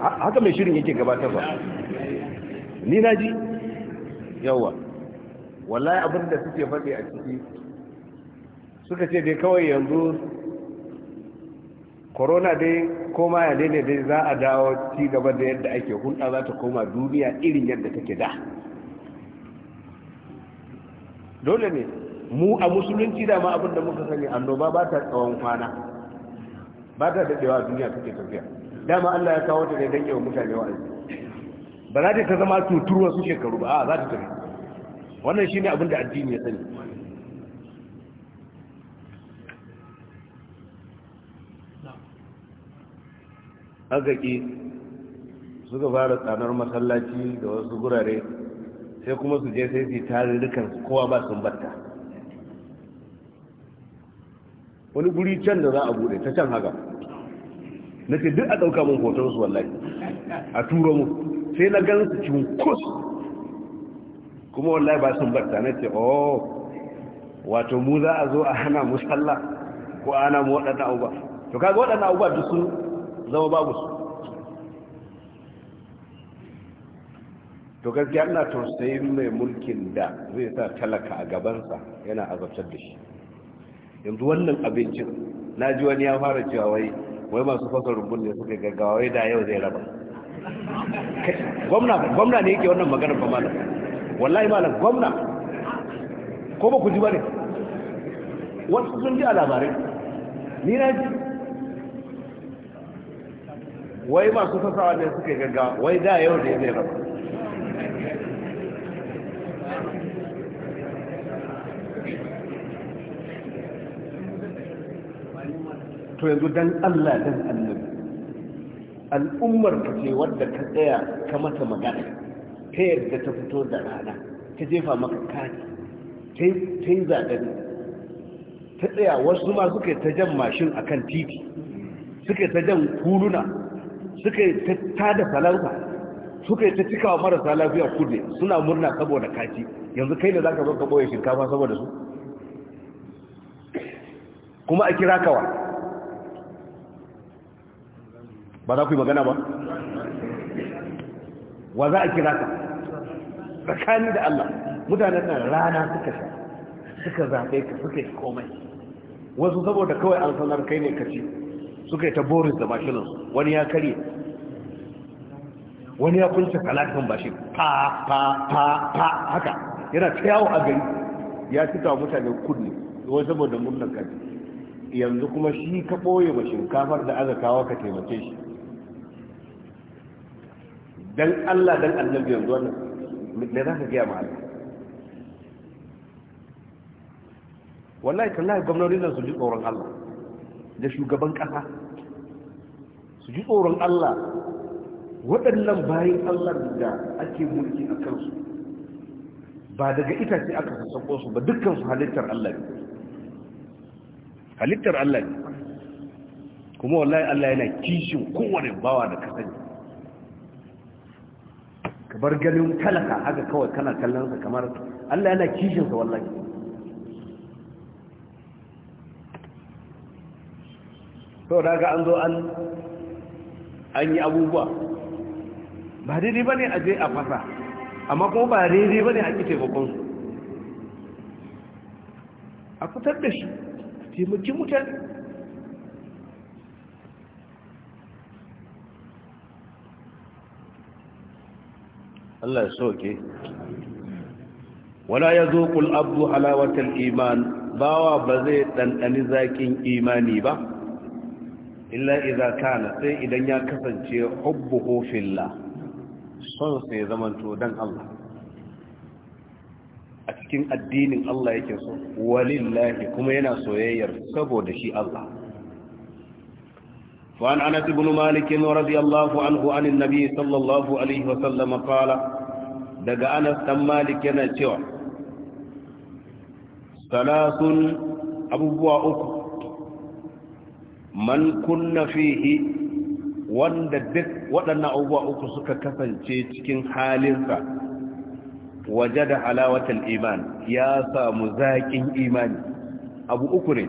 haka mai shirin yake gabatar ba ni na ji yawa wallahi abin da suke faɗi a ciki suka ce dai kawai yanzu corona dai koma ya daina dai za a dawo ci gaba da yadda ake hulɗa za ta koma duniya irin yadda take da dole ne mu a musulunci da ma abinda muka sani annoba ba ta tsawon kwana ba ta daɗewa duniya take tafiya dama Allah ya kawo ta da dan yawan mutane wa'azi ba za ta zama tuturwa su shekaru ba a za ta tafi wannan shi abin da addini ya sani aka ƙi suka fara tsanar masallaci da wasu gurare sai kuma su je sai su tare dukan kowa ba sun batta wani guri can da za a bude ta can haka na ce duk a ɗauka mun hoton su wallahi a turo mu sai na gan su cunkus kuma wallahi ba sun batta na ce oh wato mu za a zo a hana mu sallah ko ana mu waɗanda abubuwa to kaga waɗanda abubuwa duk sun zama babu su to gaskiya ana tausayin mai mulkin da zai sa talaka a gabansa yana azabtar da shi yanzu wannan abincin na ji wani ya fara cewa wai wai masu fasa rumbun ne suka gaggawa wai da yau zai raba gwamna ne yake wannan maganar ba malam wallahi malam gwamna ko ba ku ji ba ne wasu sun ji a labarai ni na ji wai masu fasawa ne suke gaggawa wai da yau da zai rabu to yanzu dan Allah dan annabi al'ummar ka ce wadda ka tsaya ka mata magana ta yadda ta fito da rana ta jefa maka kati ta yi ne, ta tsaya wasu ma suke ta jan mashin akan titi Suke ta jan kuluna suka yi ta da salansa suka yi ta wa marasa lafiya kudi suna murna saboda kaci yanzu kai ne za ka zo ka boye shinkafa saboda su kuma a kira kawa ba za ku yi magana ba wa za a kira ka tsakani da Allah mutanen nan rana suka sha suka zaɓe ka suka yi komai wasu saboda kawai an sanar kai ne kaci suka yi ta boris da mashinan wani ya karye wani ya kunce kalatin bashin fa fa fa pa haka yana ta yawo a gari ya cika wa mutane kudi wani saboda murnan kaji yanzu kuma shi ka ɓoye wa shinkafar da aza kawo ka taimake shi dan allah dan annabi yanzu wannan me za ka gaya ma Allah wallahi kallahi gwamnonin nan su ji tsoron Allah da shugaban ƙasa su ji tsoron Allah waɗannan bayan Allah da ake mulki a kansu ba daga itace aka sassako su ba dukkan su halittar Allah ne halittar Allah ne kuma wallahi Allah yana kishin kowane bawa da Ka kabar ganin talaka haka kawai kana kallonsa kamar Allah yana kishinsa wallahi to daga an zo an an yi abubuwa ba daidai ba ne a je a fasa amma kuma ba daidai ba ne a ƙi taimakonsu a fitar da shi taimaki mutane Allah ya soke wala ya zo abu halawatar iman bawa ba zai ɗanɗani zaƙin imani ba illa idza kana sai idan ya kasance hubbuhu fillah son sai zaman to dan Allah a cikin addinin Allah yake so walillahi kuma yana soyayyar saboda shi Allah وعن أنس بن مالك رضي الله عنه عن النبي صلى الله عليه وسلم قال دقى أنس مالك نتوع ثلاث أبوة أكو man kunna fihi wanda duk waɗannan abubuwa uku suka kasance cikin halinsa waje da halawatar iman ya samu zaƙin imani abu uku ne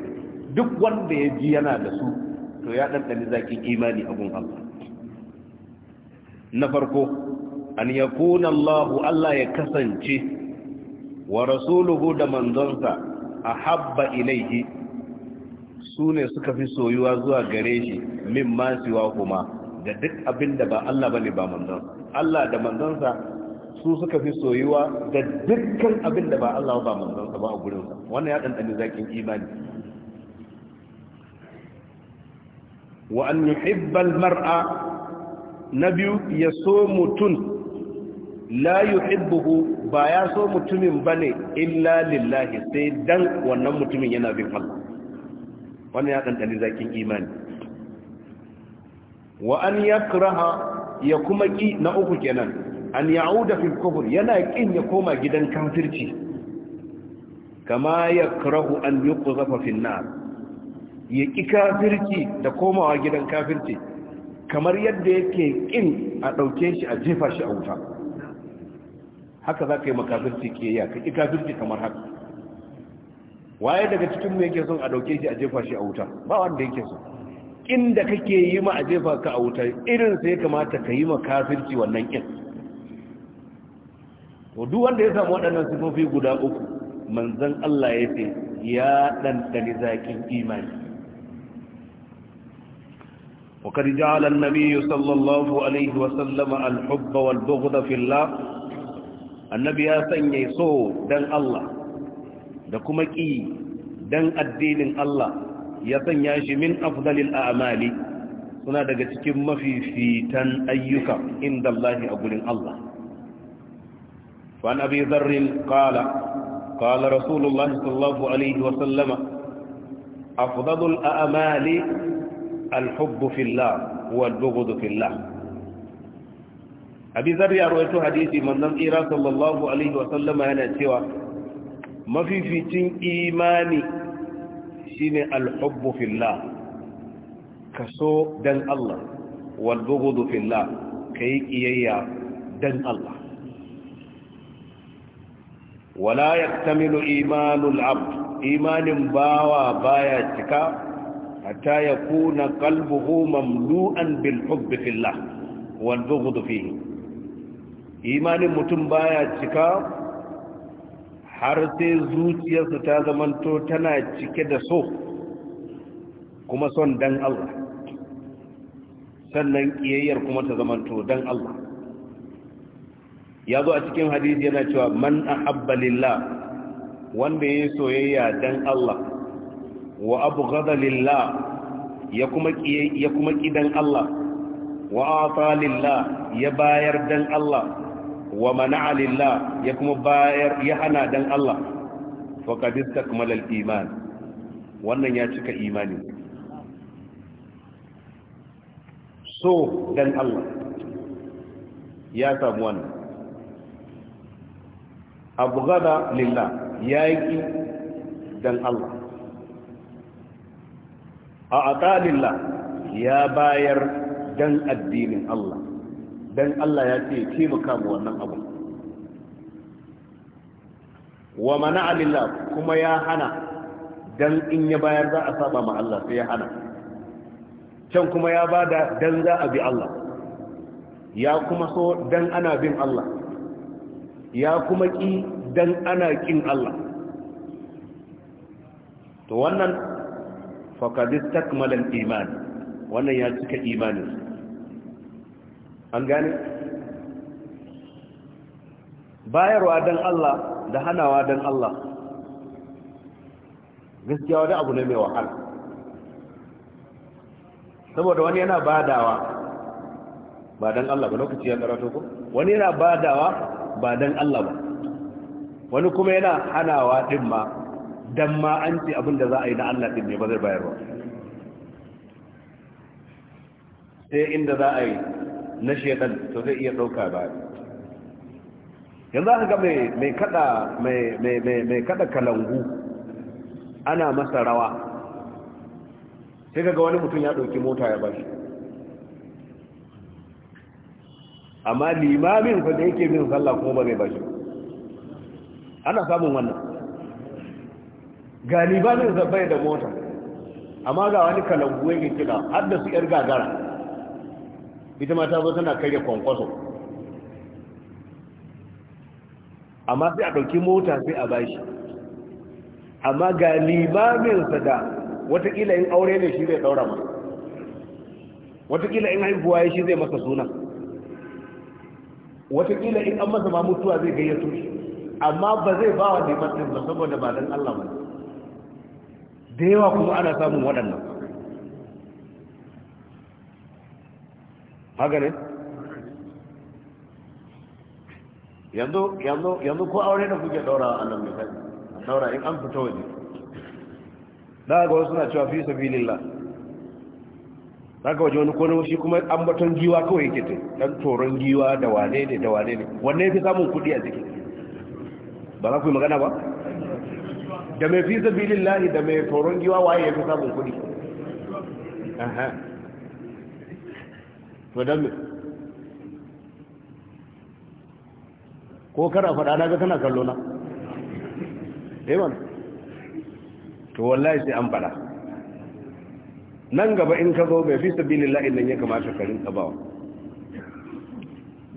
duk wanda ya ji yana da su to ya ɗanɗani zaƙin imani abun Allah na farko an ya kuna Allahu Allah ya kasance wa rasuluhu da manzonsa a habba ilaihi su ne suka fi soyuwa zuwa gare shi min siwa kuma da duk abin da ba Allah bane ba manzon Allah da manzonsa su suka fi soyuwa da dukkan abin da ba Allah ba manzonsa ba a gurinsa wannan ya ɗanɗani zakin imani wa an yuhibbal mar'a na biyu ya so mutum la yuhibbuhu ba ya so mutumin bane illa lillahi sai dan wannan mutumin yana bin Allah wannan ya ɗanɗani zaƙin imani wa an ya ya kuma ƙi na uku kenan an ya'uda da kufur yana ƙin ya koma gidan kafirci kama ya karahu an yi ku zafa ya ƙi kafirci da komawa gidan kafirci kamar yadda yake ƙin a ɗauke shi a jefa shi a wuta haka za ka yi makafirci ke ya ka ƙi kafirci kamar haka waye daga cikin mu yake son a dauke shi a jefa shi a wuta ba wanda yake so inda kake yi ma a jefa ka a wuta irin sai kamata ka yi ma kafirci wannan kin to duk wanda ya samu waɗannan sifofi guda uku manzon Allah ya ce ya dan dani zakin imani an-nabi sallallahu alaihi wa sallam al hubba wal-bughd fi Allah annabi ya sanya so dan Allah. da kuma ƙi don addinin Allah ya sanya shi min afdalil amali suna daga cikin mafifitan ayyuka inda Allah a gudun Allah. Fan abi zarrin kala, kala Rasulullah sallallahu Alaihi wasallama, afdalul amali alhubbu filla wa filla. Abi zarri a ruwaito hadisi, mannan tsira sallallahu Alaihi wasallama yana cewa, mafificin imani shine al-hubbu fillah kaso dan Allah wal bughdu fillah kai kiyayya dan Allah wala yaktamilu imanul abd imanin bawa baya cika hatta yakuna qalbuhu mamlu'an bil hubbi fillah wal bughdu fihi imanin mutum baya cika har sai zuciyarsu ta zamanto tana cike da so kuma son dan Allah sannan kiyayyar kuma ta zamanto dan Allah ya zo a cikin hadisi yana cewa man ahabba lillah wanda yayi soyayya dan Allah wa abghada lillah ya kuma kiyayya kuma kidan Allah wa ata lillah ya bayar dan Allah wa mana'a lillah ya kuma bayar ya hana dan Allah faqad istakmala al-iman wannan ya cika imani so dan Allah ya samu wannan abghada lillah yaki dan Allah a ata lillah ya bayar dan addinin Allah dan Allah ya ce taimaka mu wannan abu wa mana lillah kuma ya hana dan in ya bayar za a saba ma Allah sai ya hana can kuma ya bada dan za a bi Allah ya kuma so dan ana bin Allah ya kuma ki dan ana kin Allah to wannan faqad istakmala imani, wannan ya cika imaninsu. an gane bayarwa don Allah da hanawa don Allah gaskiya wani abu ne mai wahala saboda wani yana badawa ba don Allah ba lokaci ya karato ko wani yana badawa ba don Allah ba wani kuma yana hanawa din ma don ma an ce abin da za a yi na Allah din ne ba zai bayarwa sai inda za a yi na shekar to zai iya ɗauka ba yanzu aka ga mai kada mai kada kalangu ana masa rawa sai ga wani mutum ya ɗauki mota ya bashi amma limamin fa da yake min sallah kuma ba zai bashi ana samun wannan ga limamin zabbai da mota amma ga wani kalangu yake kiɗa har da su 'yar gagara ita ma ta zo tana karya kwankwaso amma sai a ɗauki mota sai a bashi amma ga limaminsa da watakila in aure ne shi zai daura ma watakila in haihuwa ya shi zai masa suna watakila in an masa ma mutuwa zai gayyato shi amma ba zai ba wa limamin ba saboda ba don allah ba da yawa kuma ana samun waɗannan haka ne yanzu ko aure da kuke daura a nan misali daura in an fito waje da ga wasu na cewa fi sabilillah ga waje wani kone shi kuma an baton giwa kawai yake ce dan toron giwa da wane ne da wane ne wanne fi samun kudi a ciki ba za ku yi magana ba da mai fi sabilillah da mai toron giwa waye ya fi samun kudi to don me ko kar a faɗa na ga kana kallo na ɗaya eh, to wallahi sai an faɗa nan gaba in ka zo bai fi sabilin la'in nan ya kamata ka rinka bawa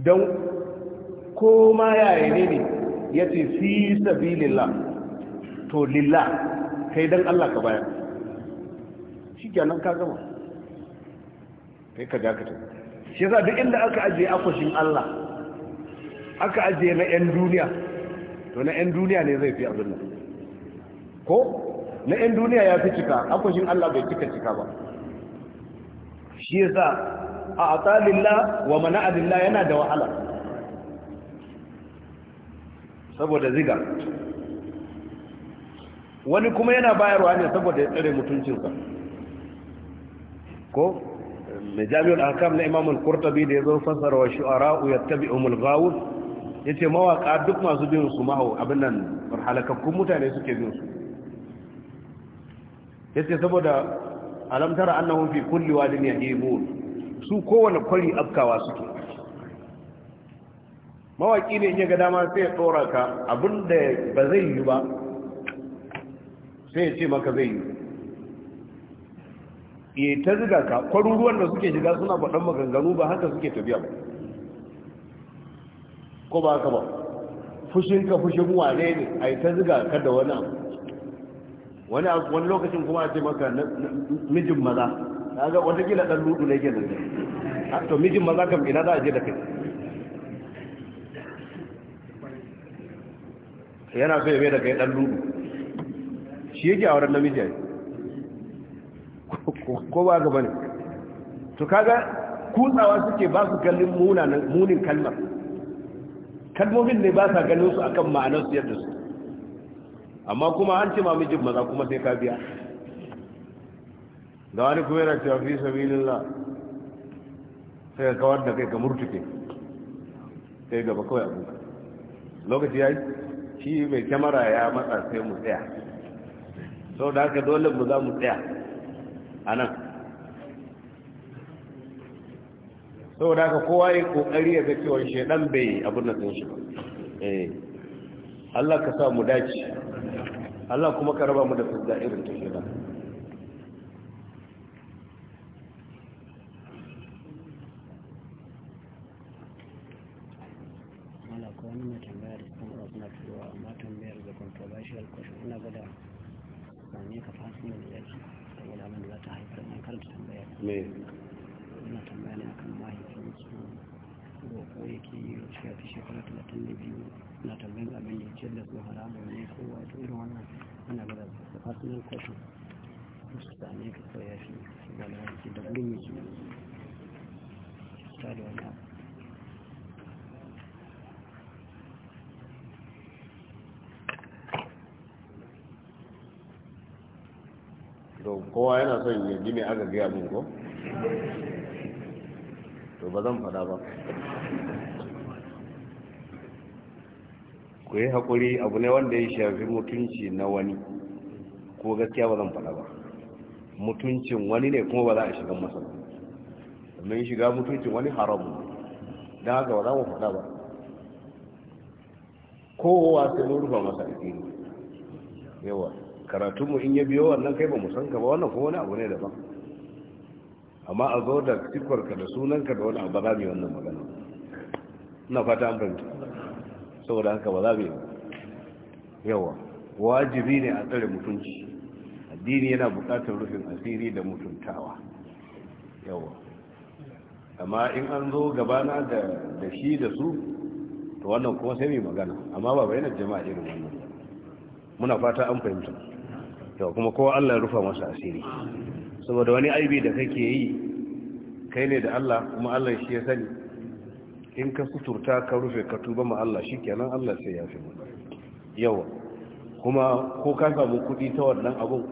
don ko ma yaya ne ne ya ce fi sabilin la to lilla kai don Allah ka bayar shi kenan ka gama kai ka dakata shi za duk inda aka ajiye akwashin Allah aka ajiye na 'yan duniya to na 'yan duniya ne zai fi abin nan ko na 'yan duniya ya fi cika akwashin Allah bai cika cika ba shi za a atalillah wa mana'adillah yana da wahala saboda ziga wani kuma yana bayarwa ne saboda ya tsare mutuncinsa ko mai jami'ul ahkam na imamul ya qurtubi da yazo fasara wa shu'ara'u gawun, ya ce mawaka duk masu bin su mahau abin nan halakakkun mutane suke bin su ce saboda alam tara annahum fi kulli wadin yahimun su kowane kwari afkawa suke mawaki ne ya ga dama sai ya tsoraka abin abinda ba zai yi ba sai ya ce maka zai yi ya ta ziga ka kwaruruwan da suke shiga suna faɗan maganganu ba haka suke tafiya ba ko ba haka ba fushin ka fushin wane ne a yi ta ziga ka da wani abu wani abu wani lokacin kuma a ce maka mijin maza ga wata gina ɗan ludu ne ke zai to mijin maza kam ina za a je da kai yana so ya mai da kai ɗan ludu shi yake a wurin namiji ko ba ga bane to kaga kutsawa suke ba su kallin munanan munin kalmar kalmomin ne ba sa ganin su akan ma'anar su yadda su amma kuma an ce ma mijin maza kuma sai ka biya da wani kuma yana cewa fi la. sai ka kawar da kai ka murtuke sai gaba kawai abu lokaci yi shi mai kyamara ya matsa sai mu tsaya sau da haka dole mu za mu tsaya a nan saboda haka kowa yi kokari ya ga cewa shedan bai abin da sun shi eh Allah ka sa mu dace Allah kuma ka raba mu da fitna irin ta shedan controversial question da ne me na tambaya ne akan mahaifin su roƙo yake yi ya fi shekara talatin da biyu na tambayin abin da ya ce da su haramun ne ko wato irin wannan ana gada su fasinan kwashin su same ka kawai ya fi su galawa da gurin yake ta da wani abu kowa yana son ya ji me aka gaya min ko to ba zan fada ba ku yi haƙuri abu ne wanda ya shafi mutunci na wani ko gaskiya ba zan fada ba mutuncin wani ne kuma ba za a shiga masa domin shiga mutuncin wani haramu don haka ba za mu fada ba kowa sai mun rufa masa alfini yawa karatunmu in ya biyo wannan kai ba mu san ka ba wannan kuma wani abu ne daban amma a zo da tikwarka da sunanka da wani abu ba za mu yi wannan magana ina fata an fahimta saboda haka ba za mu yi yawa wajibi ne a tsare mutunci addini yana buƙatar rufin asiri da mutuntawa yawa amma in an zo gabana da shi da su to wannan kuma sai mai magana amma ba bayanar jama'a irin wannan muna fata an fahimta to kuma kowa Allah ya rufa masa asiri saboda wani aibi da kake yi kai ne da Allah kuma Allah shi ya sani in ka suturta ka rufe ka tuba ma Allah shi kenan Allah sai ya fi yawa kuma ko ka samu kuɗi ta wannan abun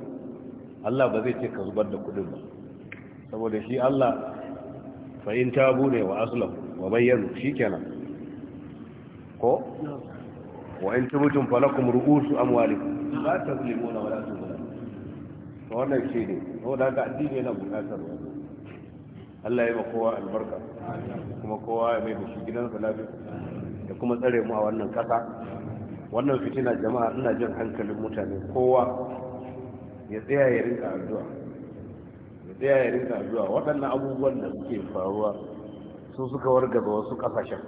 Allah ba zai ce ka zubar da kuɗin ba saboda shi Allah fa in tabu ne wa aslam wa bayyanu shikenan ko wa in tubtum falakum ru'usu amwalikum la tazlimuna wa la tuzlamuna wannan shi ne da ga addini yana buƙatar wannan Allah ya ba kowa albarka kuma kowa ya mai da shi gidan salafi da kuma tsare mu a wannan kasa. wannan fitina jama'a ina jin hankalin mutane kowa ya tsaya ya rinka addu'a ya tsaya ya rinka addu'a waɗannan abubuwan da suke faruwa su suka wargaza wasu ƙasashen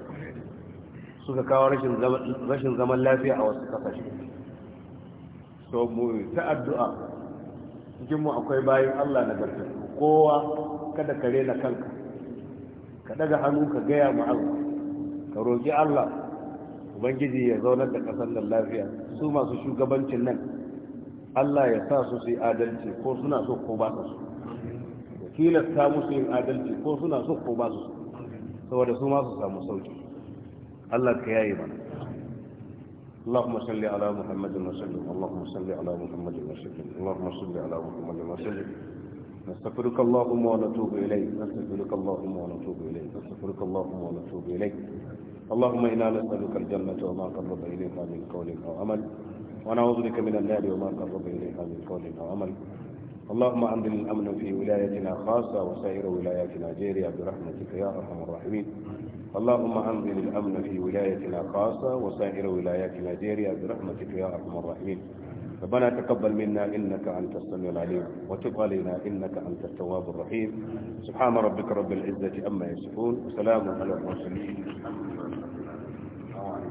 suka kawo rashin zaman lafiya a wasu ƙasashe so mu ta addu'a cikin mu akwai bayan Allah na gartattu kowa kada ka rena kanka ka daga hannu ka gaya mu Allah ka roƙi Allah ubangiji ya zaunar da ƙasar nan lafiya su masu shugabancin nan Allah ya sa su su yi adalci ko suna so ko ba su ta musu yin adalci ko suna so ko ba su saboda su ma su samu sauki Allah ka yaye mana اللهم صل على محمد وسلم اللهم صل على محمد وسلم اللهم صل على محمد وسلم نستغفرك اللهم ونتوب إليك نستغفرك اللهم ونتوب إليك نستغفرك اللهم ونتوب إليك اللهم إنا نسألك الجنة وما قرب إليها من قول أو عمل ونعوذ بك من النار وما قرب إليها من قول أو عمل اللهم أنزل الأمن في ولايتنا خاصة وسائر ولايات نيجيريا برحمتك يا أرحم الراحمين اللهم أنزل الأمن في ولايتنا خاصة وسائر ولايات نيجيريا برحمتك يا أرحم الراحمين ربنا تقبل منا إنك أنت السميع العليم وتب علينا إنك أنت التواب الرحيم سبحان ربك رب العزة أما يصفون وسلام على المرسلين